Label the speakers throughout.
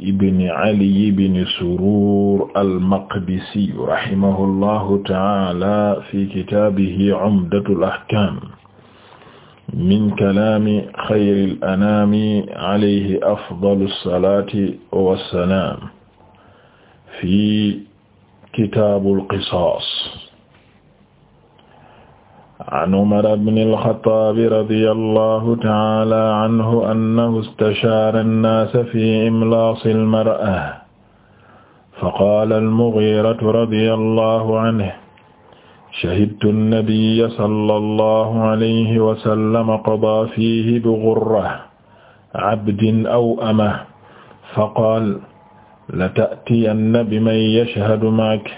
Speaker 1: ibni ali ibni surur almaqdisi rahimahu llahu taala fi kitaabihi cumdatul ahkaam min kalaami xayril anaami alayhi afdalu salaati wassalaam fi kitaabul qisaas an Umar ibn al-Khattab radiyallahu ta'ala anhu annahu istashara an-nasa fi imlaas al-mar'a faqaala al-Mughira radiyallahu anhu shahidtu an-nabiyya sallallahu alayhi wa sallam qadaa fiihi bi-ghurrati abdin aw amah faqaala lata'tiyanna biman yashhadu ma'aka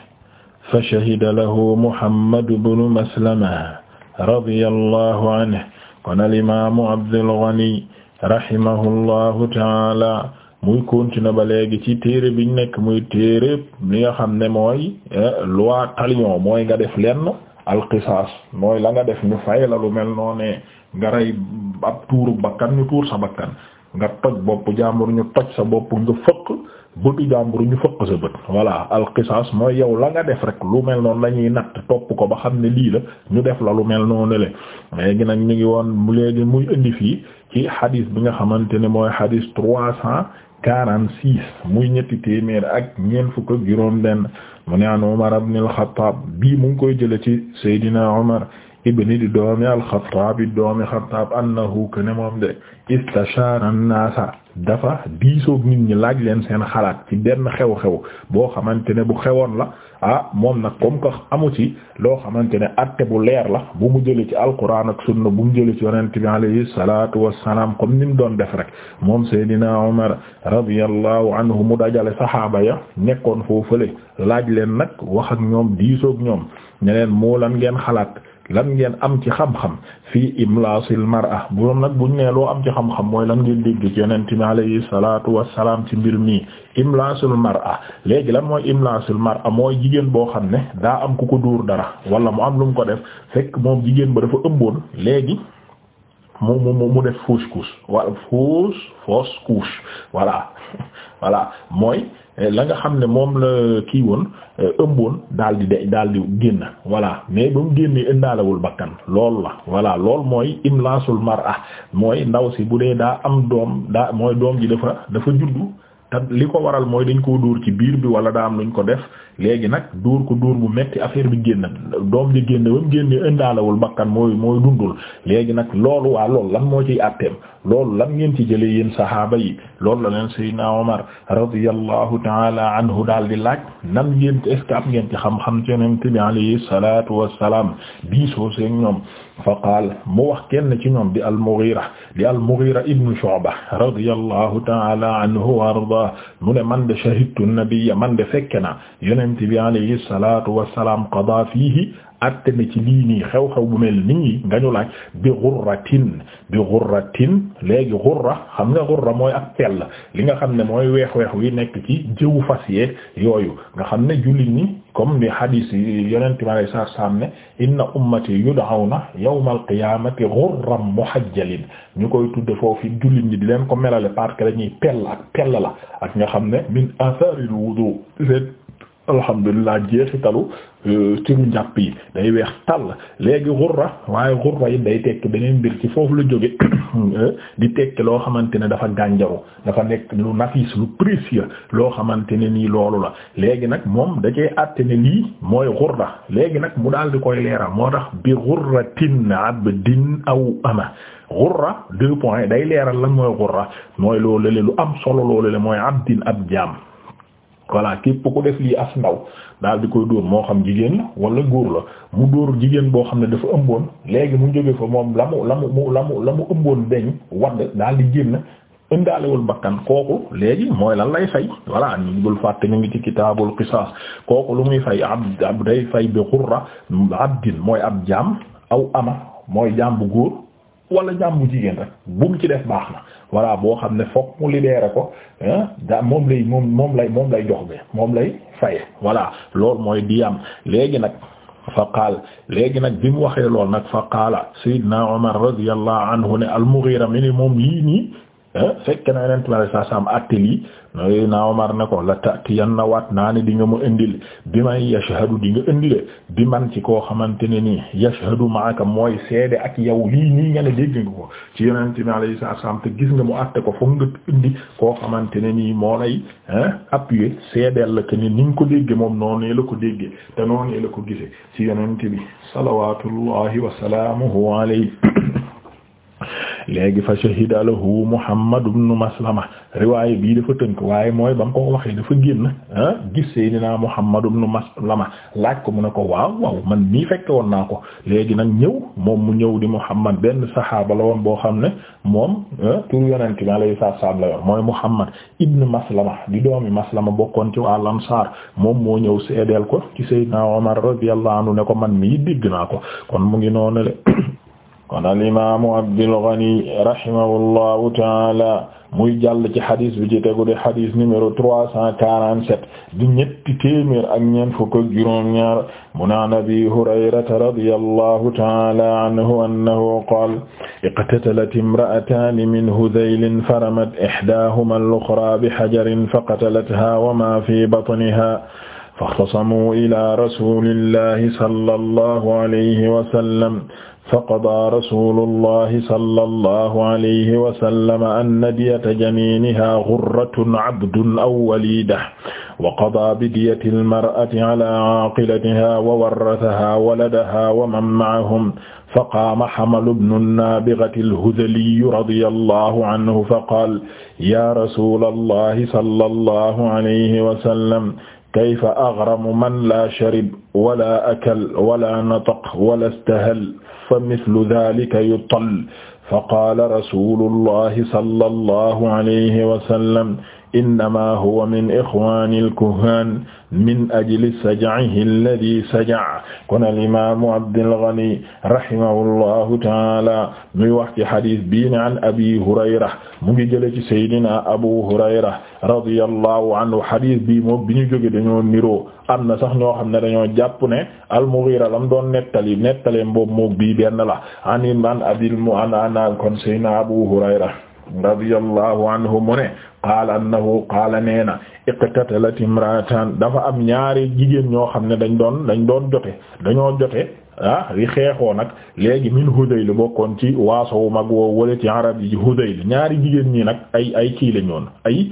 Speaker 1: fashahida lahu Muhammad ibn Maslama radiyallahu anhu kon al imaamu Abdul Ghani rahimahullahu taala muy continuer ba léegi ci téere biñ nekk muy téere li nga xam ne mooy eh, loi talion mooy nga def lenn alqisaas mooy la nga def ñu fay la lu mel noone nga rey ab tuuru bakkan ñu tuur sa bakkan nga toj bopp jàmbur ñu toj sa bopp nga fëq bëtu jàmbur ñu fëq sa bët voilà alqisaas mooy yow la nga def rek lu mel noonu la ñuy natt topp ko ba xam ne lii la ñu def la lu mel noonu le léegi nag ñu ngi woon mu léegi muy indi fii ci xadis bi nga xamante ne mooy xadis trois cent quarante six muy ñetti téeméer ak ñeent fukk ak juróom benn mu ne an Umar ibn al-Khattab bii mu ngi koy jële ci Seydina Umar ibni di doomi al-Khattab doomi Khattab annahu kana moom de istashara an-naasa dafa diisoog nit ñi laaj leen seen xalaat ci benn xew-xew boo xamante ne bu xewoon la ah moom nag comme que amu ci loo xamante ne atte bu leer la bu mu jëlee ci alquran ak sunna bu mu jëlee ci yonent bi alayhi salaatu wassalaam comme ni mu doon def rek moom Seydina Umar radiyallahu anhu mu dajale saxaaba ya nekkoon foofule laaj leen nag wax ak ñoom diisoog ñoom ñeneen moo lan ngeen xalaat. lan ngeen am ci xam-xam fii imlaasil mar'a bu doon nag buñ nee loo am ci xam-xam mooy lan ngeen dégg ci yonent bi alayhi salaatu wassalaam ci mbir mi imlaasul mar'a léegi lan mooy imlaasul mar'a mooy jigéen boo xam ne daa am ku ko dóor dara wala mu am lum ko def fekk moom jigéen ba dafa ëmboon léegi mu mu mu def fausse couche wala fausse fausse couche voilà voilà mooy eh, la nga xam ne moom la kii woon eh, ëmboon daal di de daal di génn voilà mais ba mu génnee indaalewul bakkan lool la voilà lool mooy imlaasul mar'a mooy ndaw si bu dee daa am doom daa mooy doom ji dafa dafa juddu te li ko waral mooy dañ koo dóor ci biir bi wala daa am luñ ko def léegi nag dóor ko dóor bu metti affaire bi génn doom ji génn ba mu génnee indaalawul bakkan mooy mooy dundul léegi nag loolu waa loolu lan moo ciy àtteem loolu lan ngeen ci jëlee yéen saxaaba yi loolu la leen Seydina Omar radiyallahu taala anhu daal di laaj nan ngeen est ce que am ngeen ci xam-xam ci Yonent bi alayhi salaatu wassalaam soo seen ñoom fa qaal mu wax kenn ci ñoom di al-Mughira di al-Mughira ibn Shu'ba radiyallahu ta'ala anhu wa ardaa mu ne man de shahidtu an-nabiyya man de fekke na yonent bi alayhi salaatu wa salaam qadaa fiihi atte na ci lii nii xew-xew bu mel nii nga ñu laaj bi ghurratin bi ghurratin léegi ghurra xam nga ghurra mooy ak pell li nga xam ne mooy weex weex wi nekk ci jëwu fas yeeg yooyu nga xam ne jullit ñi comme ni hadis yi yonente mi alay saatu salaam ne inna ummati yud'awna yawmal qiyaamati ghurran muhajjalin ñu koy tudde foofu jullit ñi di leen ko melale parce que dañuy pell ak pell la ak nga xam ne min atharil wudu alhamdulilah jeexitalu turu euh, njàpp yi day weex tàll léegi xurra waaye xurra yi day tekki beneen mbir ci foofu la jóge euh, di tekki loo xamante ne dafa gànjaru dafa nekk lu nafis lu précieux loo xamante ne nii loolu la léegi nag moom da cee àtte ne lii mooy xurra léegi nag mu daal di koy leeral moo tax bi xurratin abdin aw ama xurra deux points day leeral lan mooy xurra mooy loolu le lu am solo loolu le mooy abdin ab jaam voilà képp ku def lii as ndaw daal di koy dóor moo xam jigéen la wala góor la mu dóor jigéen boo xam ne dafa ëmboon léegi mu jóge fa moom la mu la mu la mu ëmboon deñ wadd daal di génn indaalewul bakkan kooku léegi mooy la lay fay voilà ñu dul fàtte ñu ngi ci kitaabul qisaas kooku lu muy fay ab day fay bi xurra abdin mooy ab jaam aw ama mooy jaam bu góor wala jàmbu jigéen rek bu mu ci def baax na voilà boo xam ne fokk mu libéré ko moom lay moom moom lay moom lay jox bi moom lay faye voilà loolu mooy diyaam léegi nag fa qaal léegi nag bi mu waxee lool nag fa qaala Seydina Omar radiyallahu anhu ne al-Mughira mi ni moom lii nii fekk na Yonent bi sallallahu alayhi wasallam àtte lii noy na Umar na ko la tatiyan na waat naa ne di nga mu indil bi man yashhadu di nga indile bi man ci koo xamante ne nii yashhadu maaka mooy seede ak yow lii nii nga ne ko ci yonente bi alayhi salaam te gis nga mu àtte ko foog nga indi koo xamante ne nii moo lay appuyer seedeel la ni ni ko dégge moom noonu la ko dégge te noonu la ko gise ci yonente bi salawatullahi wa salaamuhu léegi fa shahida lahu Muhammad ibn Maslama riwaay bii dafa tënk waaye mooy ba mu ko waxee dafa génn ah gis Seydina Muhammad ibn Maslama laaj ko mu ne ko waaw waaw man mii fekke woon naa ko léegi nag ñëw moom mu ñëw di Muhammad benn saxaaba la woon boo xam ne moom tur yonent bi alayhi salaam la yor mooy Muhammad ibn Maslama di doomi Maslama bokkoon ci wàll Ansaar moom moo ñëw seedeel ko ci Seydina Omar radiyallahu anhu ne ko man mii dégg naa ko kon mu ngi kon al imaamu Abdul Ghani rahimahullahu taala muy jàll ci xadis bi ci tegu di xadis numéro trois cent quarante-sept di ñetti téeméer ak ñeent fukk ak juróom-ñaar mu naan Abi Hurayrata radiyallahu taala anhu annahu qaala iqtatalat imra'ataani min Hudhaylin faramat ihdaahuma al-ukhraa bihajarin faqatalathaa wa maa fii batnihaa faxtasamuu ilaa rasuulillahi sallallahu alayhi wa sallam faqadaa rasuulullahi sallallahu alayhi wa sallam anna diyata jamiinihaa ghurratun cabdun aw waliidatun wa qadaa bidiyati almar'ati calaa caaqilatihaa wa warrasahaa waladahaa wa man macahum faqaama xamalu bnu nnaabigati alhudaliyu radiyallahu canhu faqaala yaa rasuulallahi sallallahu alayhi wa sallam kayfa aghramu man laa sharib wala akal wala nataq wala istahal fa mislu daalika yutal fa qaala rasuulullahi sallallahu alayhi wa sallam innama huwa min ixwani alkuhan min ajli saja'ihi alladi saja'a kon alimamu abdulgani rahimahullahu taala muy wax ci xadis bii ne an abi hurayra mu ngi jële ci saydina abu hurayra radiyallahu anhu xadis bii moom bi ñu jóge dañoo niroo am na sax ñoo xam ne dañoo jàpp ne almughira lam doon nettali nettaleen boobu moom bii benn la an an abil mu an ana kon saydina abu hurayra radiyallahu anhu mu ne qaala annahu qaala nee na iqtatalat imra'atan dafa am ñaari jigéen ñoo xam ne dañ doon dañ doon jote dañoo jote ah li xeexoo nag léegi min Hudayl bokkoon ci waaso wu mag woo wala ci arab yi Hudayl ñaari jigéen ñi nag ay ay kii la ñoon ay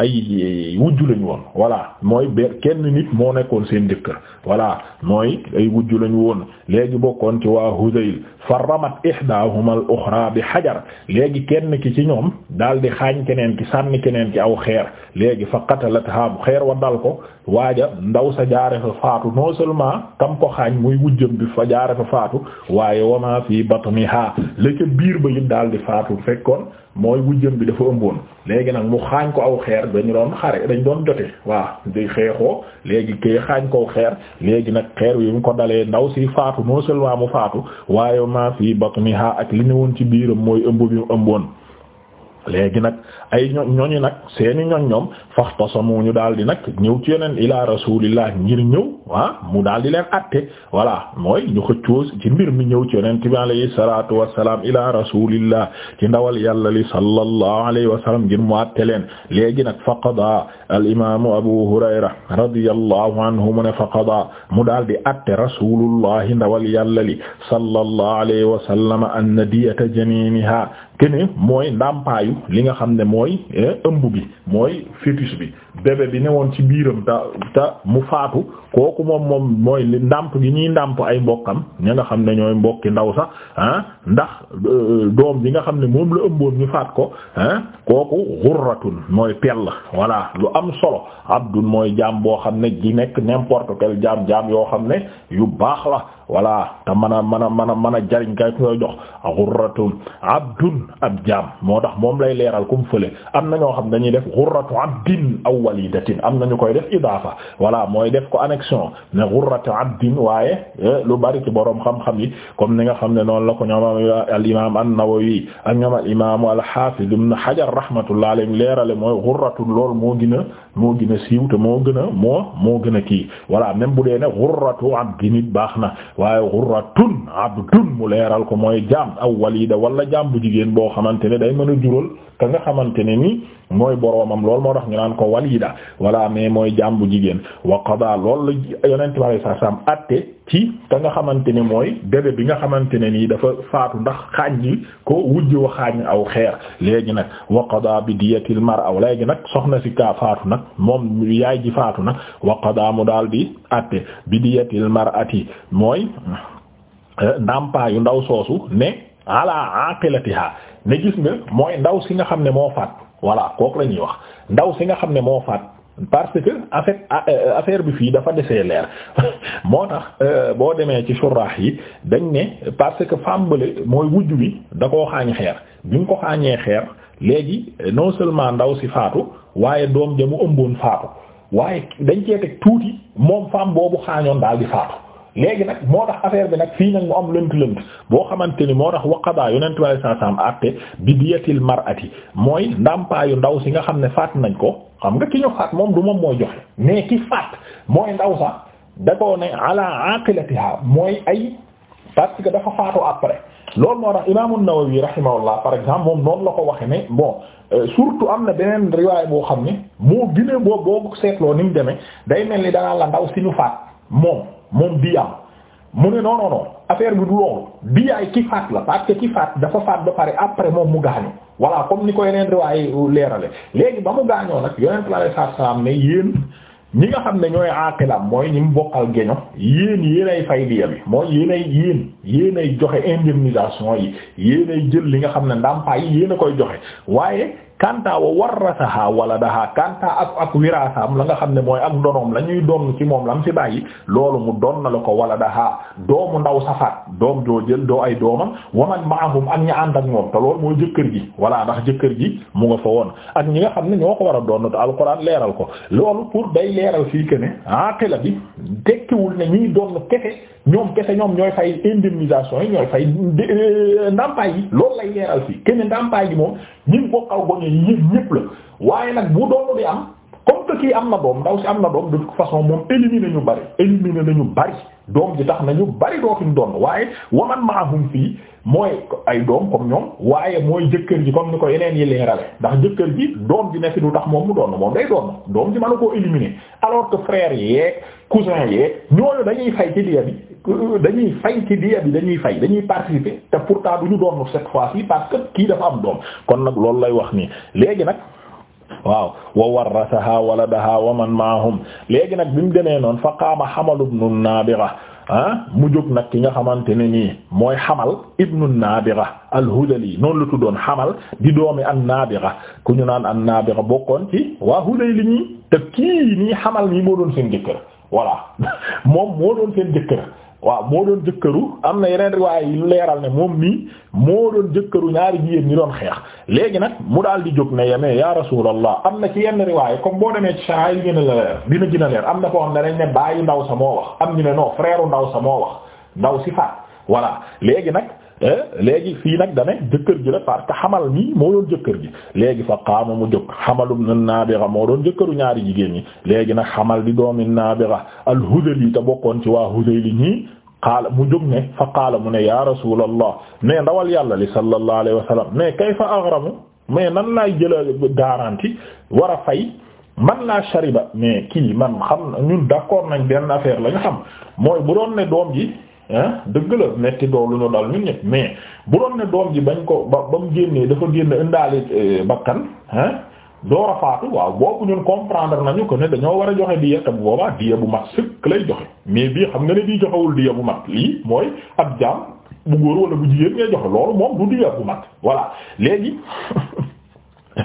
Speaker 1: ay wujju lañu woon voilà mooy kenn nit moo nekkoon seen jëkkër voilà mooy ay wujju lañu woon léegi bokkoon ci waa Hudayl farramat ihdahuma al ukhra bi hajar léegi kenn ki ci ñoom daal di xaañ keneen ki sànni keneen ki aw xeer léegi fa qatalatha xeer wa dal ko waaja ndaw sa jaare fa faatu non seulement tam ko xaañ muy wujjam bi fa jaare fa faatu waaye wama fi batniha la ca biir ba yit daal di faatu fekkoon mooy wujjëm bi dafa ëmboon léegi nag mu xaañ ko aw xeer dañu doon xare dañ doon jote waa di xeexoo léegi kay xaañ ko xeer léegi nag xeer wi mu ko dalee ndaw si faatu non seulement mu faatu waaye ma fi batniha ak li ne woon ci biiram mooy ëmb bi mu ëmboon léegi nag ay ño ñoñi nag seeni ñoñ ñoom faxtasamu ñu daal di nag ñëw ci yeneen ila rasulillah ngir ñëw ah mu daal di leen atte voilà mooy ñu xëccoo ci mbir mi ñëw ci yeneen bi alayhi salatu wassalam ila rasulillah ci ndawal yàlla li sallallahu alayhi wa sallam ngir mu atte leen léegi nag faqada al imamu abu hurayra radiyallahu anhu mu ne faqada mu daal di atte rasulullah ndawal yàlla li sallallahu alayhi wa sallam an diyata janiniha kene mooy ndàmpaayu li nga xam ne mooy eh, ëmb bi mooy fœtus bi bébé bi newoon ci biiram ta ta mu faatu kooku moom moom mooy ndàmp gi ñuy ndàmp ay mbokkam ña nga xam ne ñooy mbokki ndaw sax ah ndax euh, doom bi nga xam ne moom la ëmboon ñu faat ko ah kooku xurratun mooy pell voilà lu am solo abdun mooy jaam boo xam ne gi nekk n'importe quel jaam jaam yoo xam ne yu baax la voilà te mën a mën a mën a mën a jariñ kay koy jox a abdun ab jaam moo tax moom lay leeral kum fële am na ñoo xam dañuy def xurratu abdin aw walidatin am na ñu koy def idaafa voilà mooy def ko annexion ne xurratu abdin waaye eh, lu bari ci boroom xam-xam yi comme ni nga xam ne noonu la ko ñoom al imam an-Nawawi ak ñoom al imam al-Hafiz ibn Hajar leerale mooy xurratu lool moo gën moo gën a siiw te moo gën a moo moo gën a kii voilà même bu dee ne xurratu abdin nit baax na waaye xurratun abdun mu leeral ko mooy jaam aw walida wala jaam bu jigéen boo xamante ne day mën a juróol ka nga xamante ne ni mooy boroomam lool moo tax ñu naan ko walida voilà mais mooy jaam bu jigéen wa qada lool la yonent bi sallallahu alayhi wasallam ci ka nga xamante ni mooy bébé bi nga xamante ne nii dafa faatu ndax xaañ ji ko wujj wa xaañ aw xeer léegi nag wa qadaa bi diyatil mar'a léegi nag soxna si kaa faatu moom yaay ji faatu nag wa qadaa mu daal di atte bi diyatil yi mooy euh, ndàmpaayu ndaw soosu ne ala aqilatiha ne gis nga mooy ndaw si nga xam ne moo faat voilà kook la ñuy wax ndaw si nga xam ne moo faat parce que en fait euh, affaire bi fii dafa desee leer moo tax euh, boo demee ci suraax yi dañ ne parce que femme bële mooy wujj bi da koo xaañ xeer bi mu ko xaañee xeer léegi euh, non seulement ndaw si faatu waaye doom ja mu ëmboon faatu waaye dañ cee teg tuuti moom femme boobu xaañoon daal di faatu. léegi nag moo tax affaire bi nag fii nag mu am lënt-lënt boo xamante ni moo tax waqadaa yonent bi sallallahu alayhi wasallam àtte bi diyatil mar'ati mooy ndàmpaayu ndaw si nga xam ne faat nañ ko xam nga ki ñu faat moom du moom mooy joxe mais ki faat mooy ndaw sax da koo ne ala aqilatiha mooy ay parce que dafa faatu après loolu moo tax imaamu Nawawi rahimahullah par exemple moom noonu la ko waxe ne bon euh, surtout am na beneen riwaay boo xam ne moo gine boo boo seetloo ni mu demee day mel ni danaa la ndaw si ñu moom moom diyaam mu ne non non affaire bi du loolu ay ki faat la parce que ki faat dafa faat ba pare après moom mu gaañu voilà comme ni ko yeneen riwaaye leerale léegi ba mu gaañoo nag yonent bi alayhi salaatu salaam ne yéen ñi nga xam ne ñooy aqilam mooy ñi mu bokkal géño yéen yéenay fay diya bi mooy yéenay yéen ay joxe indemnisation yi yéenay jël li nga xam ne ndàmpaay yi yéen a koy joxe waaye kanta wa warrasaha waladaha kanta ak ak wiraasaam la nga xam ne mooy ak ndonoom la ñuy doon ci moom la lam ci bàyyi loolu mu doon na la ko waladaha doomu ndaw safaat doom joo jël doo ay doomam ma maahum ak ña ànd ak moom te loolu mooy jëkkër ji voilà ndax jëkkër ji mu nga fa woon ak ñi nga xam ne ñoo ko war a doon te alxuraan leeral ko loolu pour day leeral fii que ne aqila bi tekkiwul ne ñuy doon kese ñoom kese ñoom ñooy fay indemnisation yi ñooy fay euh, ndàmpaay yi loolu lay leeral yi ñëpp la waaye nag bu doonu di am comme que kii am na doom ndaw si am na doom de toute façon moom éliminé ñu bari éliminé nañu bari doom ji tax nañu bari dootuñ doon waaye waman maahum fii mooy ay doom comme ñoom waaye mooy jëkkër ji comme ni ko yeneen yi leerale ndax jëkkër ji doom ji ne fi du tax moom mu doon moom day doon doom ji mën na koo éliminer alors que frère yeeg cousin yeeg ñooñu dañuy fay ci diya bi dañuy fay ci diya bi dañuy fay dañuy participer te pourtant du ñu doon cette fois-ci parce que kii dafa am doom kon nag loolu lay wax nii léegi nag waaw wa warrasaha waladaha wa man maahum léegi nag bi mu demee noonu fa qaama Hamal ibnu Naabiga ah mu jóg nag ki nga xamante ne nii mooy Hamal ibnu Naabiga al-Hudali noonu la tuddoon Hamal di doomi an-Naabiga ku ñu naan an-Naabiga bokkoon ci waa Hudayli ñii te kii nii Hamal nii moo doon seen jëkkër voilà moom moo doon seen jëkkër waaw moo doon jëkkëru am na yeneen riwaay yu leeral ne moom nii moo doon jëkkëru ñaari jigéen ñi doon xeex léegi nag mu daal di jóg ne yemee ya rasulallah am na ci yenn riwaay comme boo demee ci saa yi gën a leer dina gën leer am na ko xam ne dañ ne bàyyi ndaw sa moo wax am ñu ne non frère ndaw sa moo wax ndaw si faat voilà léegi nag Eh? léegi fii nag dane jëkkër ji la parce xamal mi moo doon jëkkër ji léegi fa qaama mu jóg xamalum na naabiga moo doon jëkkëru ñaari jigéen ñi léegi nag xamal di doomi naabiga al-Hudayli te bokkoon ci waa Hudayli ñii qaala mu jóg ne fa qaala mu ne ya rasulallah mais ndawal yàlla li sallallahu alayhi wa sallam mais kayfa aghramu mais nan laay jëla garantie war a fay man laa shariba mais kii man xam ñun d'accord nañ benn affaire la xam mooy bu doon ne doom ji ah dëgg la metti doom lu ñu dal ñun ñëpp mais bu doon ne doom ji bañ ko ba ba mu génnee dafa génn indaale eh, bakkan ah door a faatu waaw boobu ñun comprendre nañu ko ne dañoo war a joxe diya te bu boobaa diya bu mat sëkk lay joxe mais bi xam nga ne bii joxewul diya bu mat lii mooy ab jaam bu góor wala bu jigéen ngay joxe loolu moom du diya bu mat voilà léegi.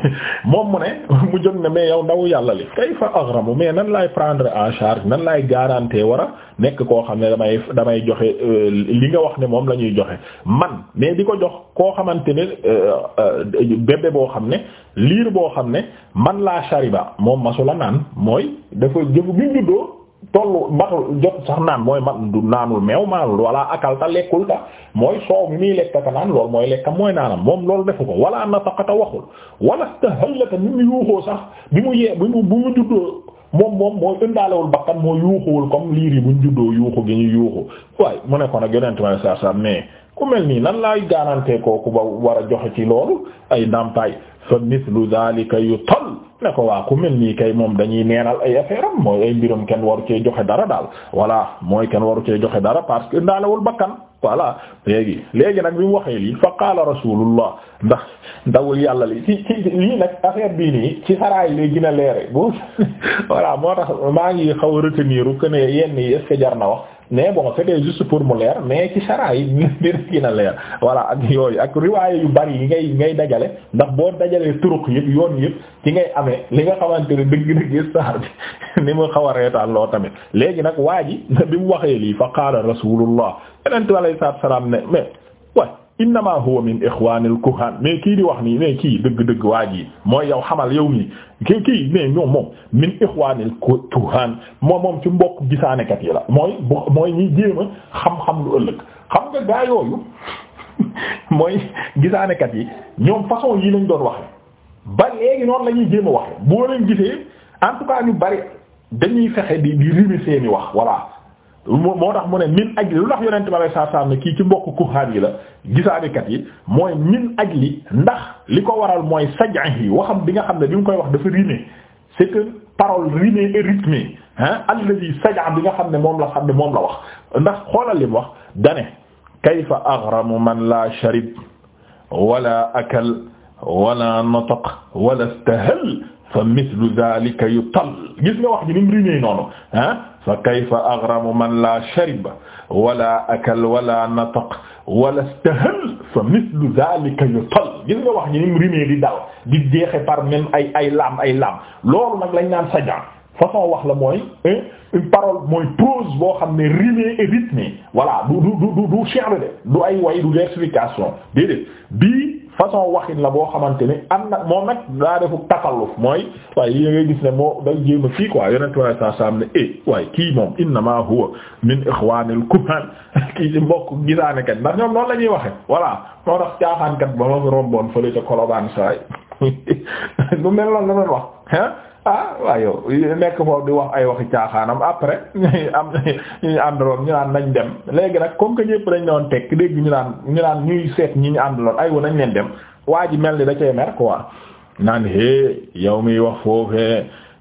Speaker 1: moom mu ne mu jóg ne mais yow ndaw yàlla li kayfa mu mais nan laay prendre en charge nan laay garantie war a nekk koo xam ne damay damay joxe euh, li nga wax ne moom la ñuy joxe man mais di ko jox koo xamante ne euh, euh, bébé boo xam ne liir boo xam ne man laa shariba moom la naan mooy dafa jëfu bi juddoo tollu matul jot sax naan mooy mat du naanul meew maanul wala akalta lekkul ta mooy soow mi muy lekk ka naan loolu mooy lekkam mooy naanam moom loolu defu ko wala nafaqata waxul wala stahalata mi mu yuuxoo sax bi mu yee bi mu bu mu juddoo moom moom mooy ëndaalewul bakkan moo yuuxuwul comme liir yi buñ juddoo yuuxu gi ñu yuuxu waaye mu ne ko a yonent ma saa saa mais ku mel nii lan laay garanté kooku ba war a joxe ci loolu ay ndàmpaay fa mithlu dhalika yu toll ne ko waa ku mel nii kay moom dañuy neenal ay affaire mooy ay mbiram kenn waru cee joxe dara daal voilà mooy kenn waru cee joxe dara parce que ndaalewul bakkan voilà léegi léegi nag bi mu waxee lii fa qaala rasulullah ndax ndawul yàlla li ci lii nag affaire bii nii ci xaraay lay gën a leere bu voilà moo tax maa ngi xaw a retenir que ne yenn yi est jar na wax mais bon c'était juste pour mu leer mais ci sara yi dina gën a leer voilà ak yooyu ak riwaay yu bari yi ngay ngay dajale ndax boo dajalee turuq yëpp yoon yëpp ci ngay amee li nga xamante ne dëgg-dëgg saar bi ni mu xaw a reetaan loo tamit léegi nag waa ji bi mu waxee lii fa qaala rasulullah yeneen bi alei salaam ne mais innama huwa min ixwanil kuhan mais kii di wax nii mais kii dëgg-dëgg waa ji mooy yow xamal yow nii kii kii mais ñoom moom min ixwanil kuhan moo moom ci mbokk gisaanekat yi la mooy mooy ñi jéem xam-xam lu ëllëg xam nga gaa yooyu yi ñoom façon yi lañ doon waxe ba léegi noonu la ñuy jéem a waxe boo leen gisee en tout cas ñu bari dañuy fexe di di rimer seeni wax voilà moo tax mu ne min ajli lu tax yonente bi alei satu salaam ne kii ci mbokk kuhaan yi la gisaanekat yi mooy min ajli ndax li ko waral mooy saj'ihi waxam bi nga xam ne bi mu koy wax dafa rimé c'est que parole rimée et rythmée hein allazi saj'a bi nga xam ne moom la xam ne moom la wax ndax xoolal li mu wax dane kayfa aghramu man la sharib wala akal wala nataq wala istahal fa mithlu dhalika yutal gis nga wax ji ni mu rimee noonu ah fa kayfa aghramu man la shariba wala akal wala nataq wala istahal fa mithlu dhalika yutal gis nga wax ji ni mu rimee di dal di jeexe par même ay ay laam ay laam loolu nag lañ naan sajaan façon wax la mooy une parole mooy prose boo xam ne rimée et rythmée voilà du du du du du du du ay way du explication déedéet bii façon waxin la boo xamante ni am na moom nag daa defu takalluf mooy waaye yi ngay gis ne moo day jéem a kii quoi yonent waaye sa saa am ne e waaye kii moom innama huwa min ikhwanil kuman kii ci mbokk gisaanekat ndax ñoom noonu la ñuy waxe voilà moo tax caaxaankat ba ma fi romboon fële ca kolobaan saay lu mel noonu la wax hein ah waaw yow nekk foofu di wax ay waxi caaxaanam après am ñu àndaloon ñu naan nañ dem léegi rak comme que ñëpp dañ doon teg dégg ñu naan ñu naan ñuy seet ñi ñu àndaloon ay wa nañ leen dem waa ji mel ni da cee mer quoi naan hé yow miy wax foofee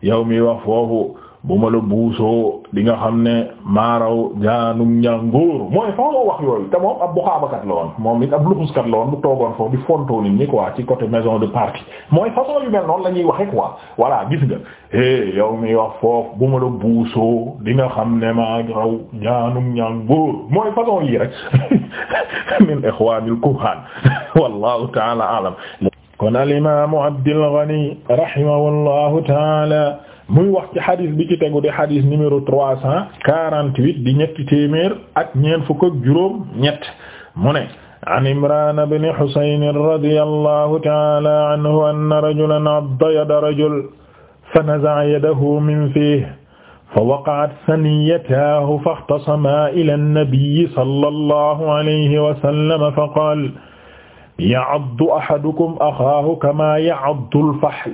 Speaker 1: yow miy wax foofu bu ma la buusoo di nga xam ne maaraw jaanum ñàngoor mooy fa nga wax yooyu te moom ab buxaabakat la woon moom it ab luxuskat la woon bu toogoon foofu di fontoo nit ko wax ci côté maison de parti mooy façon yu mel noonu la ñuy waxe quoi voilà gis nga eh yow mi wax foofu bu ma la buusoo dinga xam ne maaraw jaanum ñàngoor mooy façon yi rek min ikhwanil kuhan wallahu ta'ala alam kon al imam Abdul Ghani ta'ala muy wax ci xadis bi ci tegu di xadis numéro trois cent quarante-huit di ñetti téeméer ak ñeent fukk ak juróom ñett mu ne an imran ibn husayn radiyallahu ta'ala anhu anna rajulan adda yada rajul fa naza'a yadahu min fihi fa waqa'at saniyatahu fakhtasama ila an-nabiy sallallahu alayhi wa sallam fa qala ya'addu ahadukum akhahu kama ya'addu al-fahl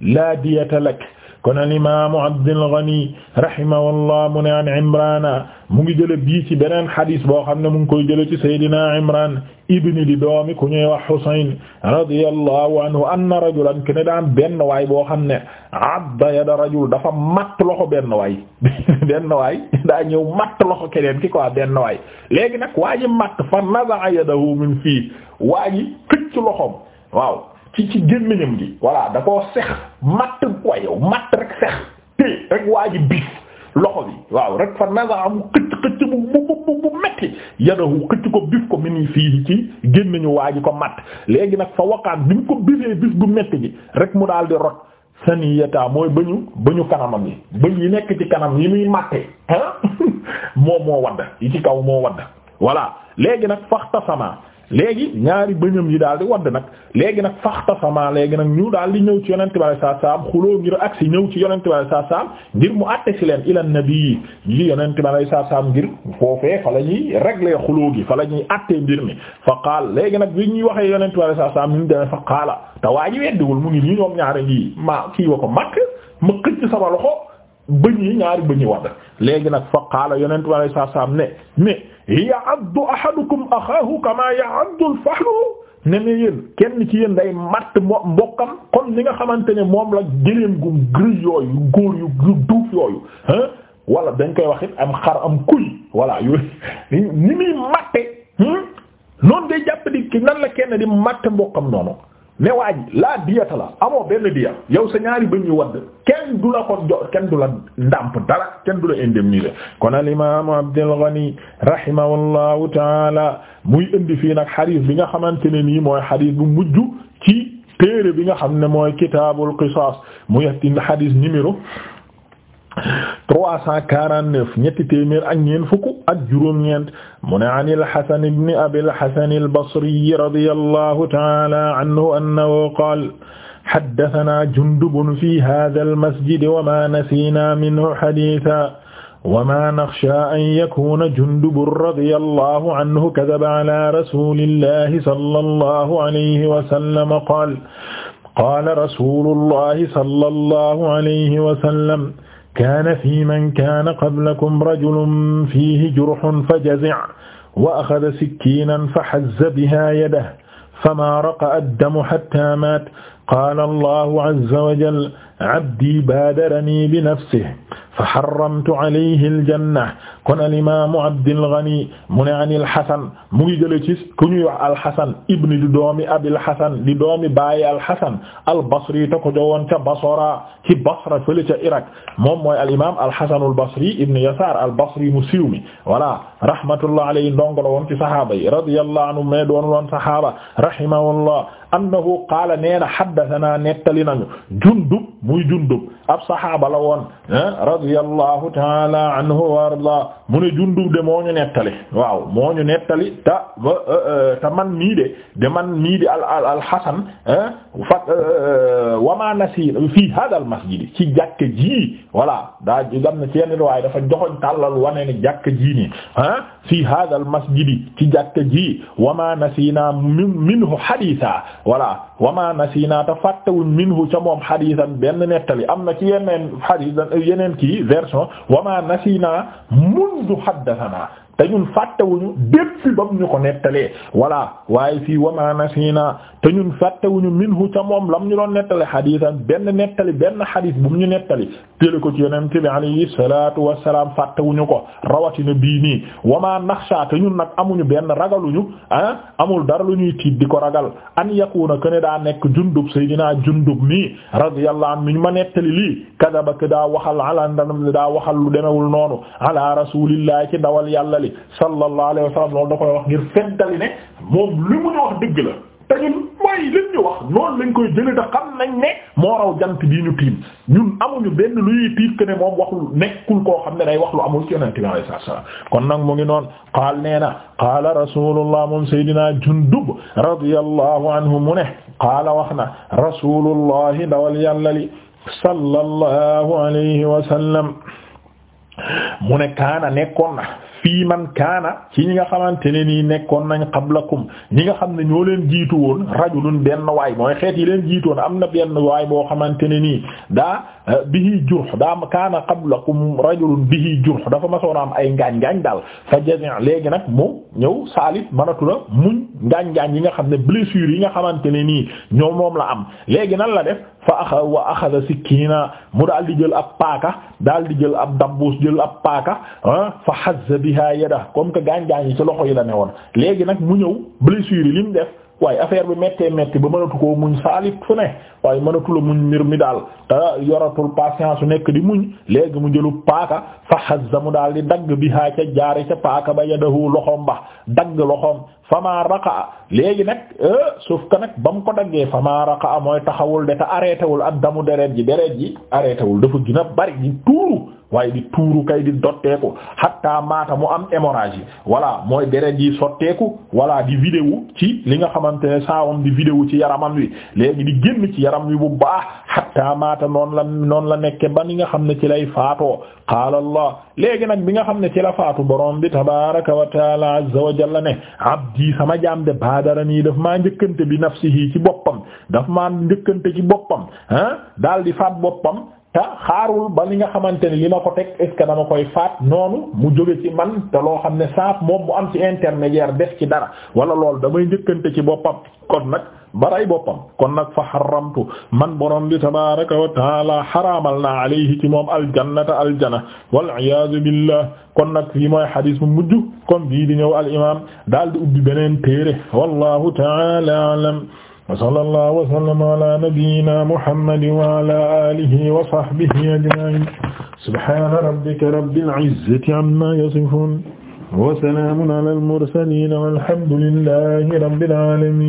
Speaker 1: la diyata lak kon al imaamu Abdul Ghani rahimahullah mu ne an Imrana mu ngi jële bii ci beneen xadis boo xam ne mu ngi koy jële ci Seydina Imran ibni di doomi ku ñuy wax Husayn radiyallahu anhu anna rajulan kene daan benn waay boo xam ne abda yada rajul dafa matt loxo benn waay benn waay daa ñëw matt loxo keneen ki quoi benn waay léegi nag waa ji matt fa naza'a yadahu min fii waa ji xëcc loxoom waaw ci ci gémmiñam gi voilà da koo sex matt ko yow matt rek sex te rek waa ji bis loxo bi waaw rek fa nasa am xëcc xëcc bu bu bu bu metti yadahu xëcc ko bif ko mi ni fii ci gémmiñu waa ji ko matt léegi nag fa waqaan bi mu ko bifee bif bu metti gi rek mu daal di rot saniyata mooy bëñu bëñu kanamam yi bëñ yi nekk ci kanam yi muy màtte ah moom moo wadd yi ci kaw moo wadd voilà léegi nag faxtasama léegi ñaari bëñam yi daal di wadd nag léegi nag faxtasama léegi nag ñu daal di ñëw ci yonente bi alayhi salaatu salaam xuloo ngir ñëw ci yonente bi alayhi salaatu ngir mu àtte ci leen ila nabi yi yonente bi alayhi salaatu salaam ngir foofee fa la ñuy régler xuloo gi fa la ñuy àttee mbir mi fa qaal léegi nag bi ñuy waxee yonente bi alayhi salaatu salaam ñu demee fa qaala te waa ji weddiwul mu ngi nii ñoom ñaari ngi ma kii ko makk ma xëcc sama loxo bëñ yi ñaari bëñ yi wax léegi nag fa qaala a bi alayhi salaam ne ne ya'addu ahadukum axaahu kamaa ya'addu al-fahlu ne ne yéen kenn ci yéen day matt mo mbokkam kon ni nga xamante ne moom la gëléem gu gris yooyu góor yu yu duuf yooyu ah wala dañ koy wax it am xar am kuy voilà yooyu ni muy matte hmm? noonu day jàpp di ki nan la kenn di matt mbokkam noonu ne waa ji laa diyata la amoo benn yow sa ñaari bëñ ñu wadd kenn du la ko jo kenn du la ndàmp dara kenn du la indemniser kon al imaamu Abdul Ghani rahimahullahu taala muy indi fii nag xadiis bi nga xamante ne nii mooy xadiis bu mujj ci téere bi nga xam ne mooy kitaabul qisaas muy tin xadiis numéro trois cent quarante-neuf ñetti téeméer ak ñeent fukk ak juróom-ñeent mu ne an al-Hasan ibn Abi al-Hasan al-Basri radiyallahu ta'ala anhu annahu qaala haddathanaa Jundubun fi haadha al-masjid wa maa nasiinaa minhu hadiithan wa maa nakhshaa an yakuuna Jundubun radiyallahu anhu kadhaba alaa rasuulillahi sallallahu alayhi wa sallam qaala qaala rasuulullahi sallallahu alayhi wa sallam kaana fi man kaana qablakum rajulun fiihi jurhun fa jazi'a wa akhadha sikkiinan fa hazza bihaa yadahu famaa raqa'a ad-damu hattaa maata qaala allahu azza wa jalla abdi baadarani bi nafsihi fa xaramtu alayhi aljanna kon alimaamu abdilgani mu ne an ilxasan mu ngi jële ci ku ñuy wax alxasan ibni di doomi abilxasan di doomi bàyyi alxasan albasri te ko jowoon ca basora ci basra fële ca iraq moom mooy alimaam alxasanu albasri ibni yasaar albasri mu siiw mi voilà rahmatullah alayhi ndongo la woon ci sahaaba yi radiyallahu anhu mais doon woon sahaaba rahimahullah annahu qaala nee na haddathana nettali nañu jundub muy jundub ab sahaaba la woon ah, radiyallahu taala anhu wa arda mu ne jundub de moo ñu nettali waaw moo ñu nettali ta eh, eh, ta man mii de de man mii de al al al hasan eh, fa wama nasir fii hada al masjid ci jàkka ji voilà daa am na ci yenn waaye dafa joxoñ tàllal wane ne jàkka ji nii ah fii hada al masjid ci jàkka ji wama nasina minhu haditha voilà wama nasina ta fàttewuñ minhu ca moom hadisan benn nettali am na ci yeneen hadisan yeneen kii version wama nasina mundu haddathana te ñun fàttewuñu bépp fi bam ñu ko nettalee voilà waaye fii wama nasina te ñun fàttewuñu minhu ca moom lam ñu doon nettale xadiisan benn nettali benn xadiis bu mu ñu nettali télé ko ci yonent bi alayhi salaatu wassalaam ñu ko rawatina bii nii wama naxsha te ñun nag amuñu benn ragaluñu ah amul dara lu ñuy tiit di ko ragal an yakuna kene daa nekk jundub sayidina jundub nii radiyallahu anhu ñu ma nettali li kadaba ke daa waxal ala daa noonu bi sallallahu alayhi wa sallam wax ngir feddali ne moom li mu ñu wax dëgg la mooy li wax noonu lañ koy jëlee te xam nañ ne moo raw jant bii ñu tiim ñun amuñu benn luy tiit que moom waxul nekkul koo xam ne day wax lu amul ci yonent bi alayhi salaam kon nag mu ngi noonu qaal nee na qaala rasulullah moom Seydina Jundub radiyallahu anhu mu ne wax na rasulullah dawal yàlla li sallallahu kaana nekkoon na fii man kaana ci ñi nga xamante ne nii nekkoon nañ qablakum ñi nga xam ne ñoo leen jiitu woon rajulun benn waay mooy xeet yi leen jiitu woon am na benn waay boo xamante ne nii daa eh, bihi jurh daa kaana qablakum rajulun bihi jurh dafa masoon am ay ngaañ-ngaañ daal fa jazin léegi nag mu ñëw saalit mënatu la muñ ngaañ-ngaañ yi nga xam ne blessure yi nga xamante ne nii ñoo moom la am léegi nan la def fa axa wa axada sikkiina mu daal di jël ab paaka daal di jël ab dabbuus jël ab paaka ah, biha yada comme que gaañ-gaañ yi ci loxo yi la ne woon léegi nag mu ñëw blessure yi li mu def waaye affaire bi méttee métti ba mënatu koo muñ saalit fu ne waaye mënatu la muñ mbir mi daal te yoratul patience su nekk di muñ léegi mu jëlu paaka fa da mu daal di dagg biha ca jaari ca paaka ba yadahu loxoom ba dagg loxoom fama raqa léegi nag euh, sauf que nag ba mu ko daggee fama raqa mooy taxawul de te arrêté wul ak damu deret ji deret ji arrêté wul dafa gën bari di tuuru waaye di tuuru kay di dotteeku hatta maata mu am hémorragie voilà mooy deret ji sotteeku voilà di vidéo ci li nga xamante ne saawam di vidéo ci yaramam wi léegi di génn ci yaram wi bu baax hatta maata noonu la noonu la nekke ba li nga xam ne ci lay faatoo qaala léegi nag bi nga xam ne ci la faatu boroom bi tabaraka wa azza wa jalla ne abdi sama jaam de baadara nii daf maa njëkkante bi nafsihi ci boppam daf maa njëkkante ci boppam ah daal di faat boppam te xaarul ba li nga xamante ne li ma ko teg est ce dama koy faat noonu mu jóge ci man te loo xam ne saaf moom mu am ci intermédiaire def ci dara wala loolu damay njëkkante ci boppam kon nag baray boppam kon nag fa xaramtu man borom bi tabaraka wa taala xaraamal naa alayhi ci moom aljannata aljana waliyasu billah kon nag fii mooy xadis bu mujj kon bii di ñëw alimam daal di ubbi beneen téere wallahu taala alam wa sallallahu wa sallama ala nabiyyina muhammadin wa ala alihi wa sahbihi ajma'in subhana rabbika rabbil izzati amma yasifun wa salamun ala al mursalin walhamdulillahi rabbil alamin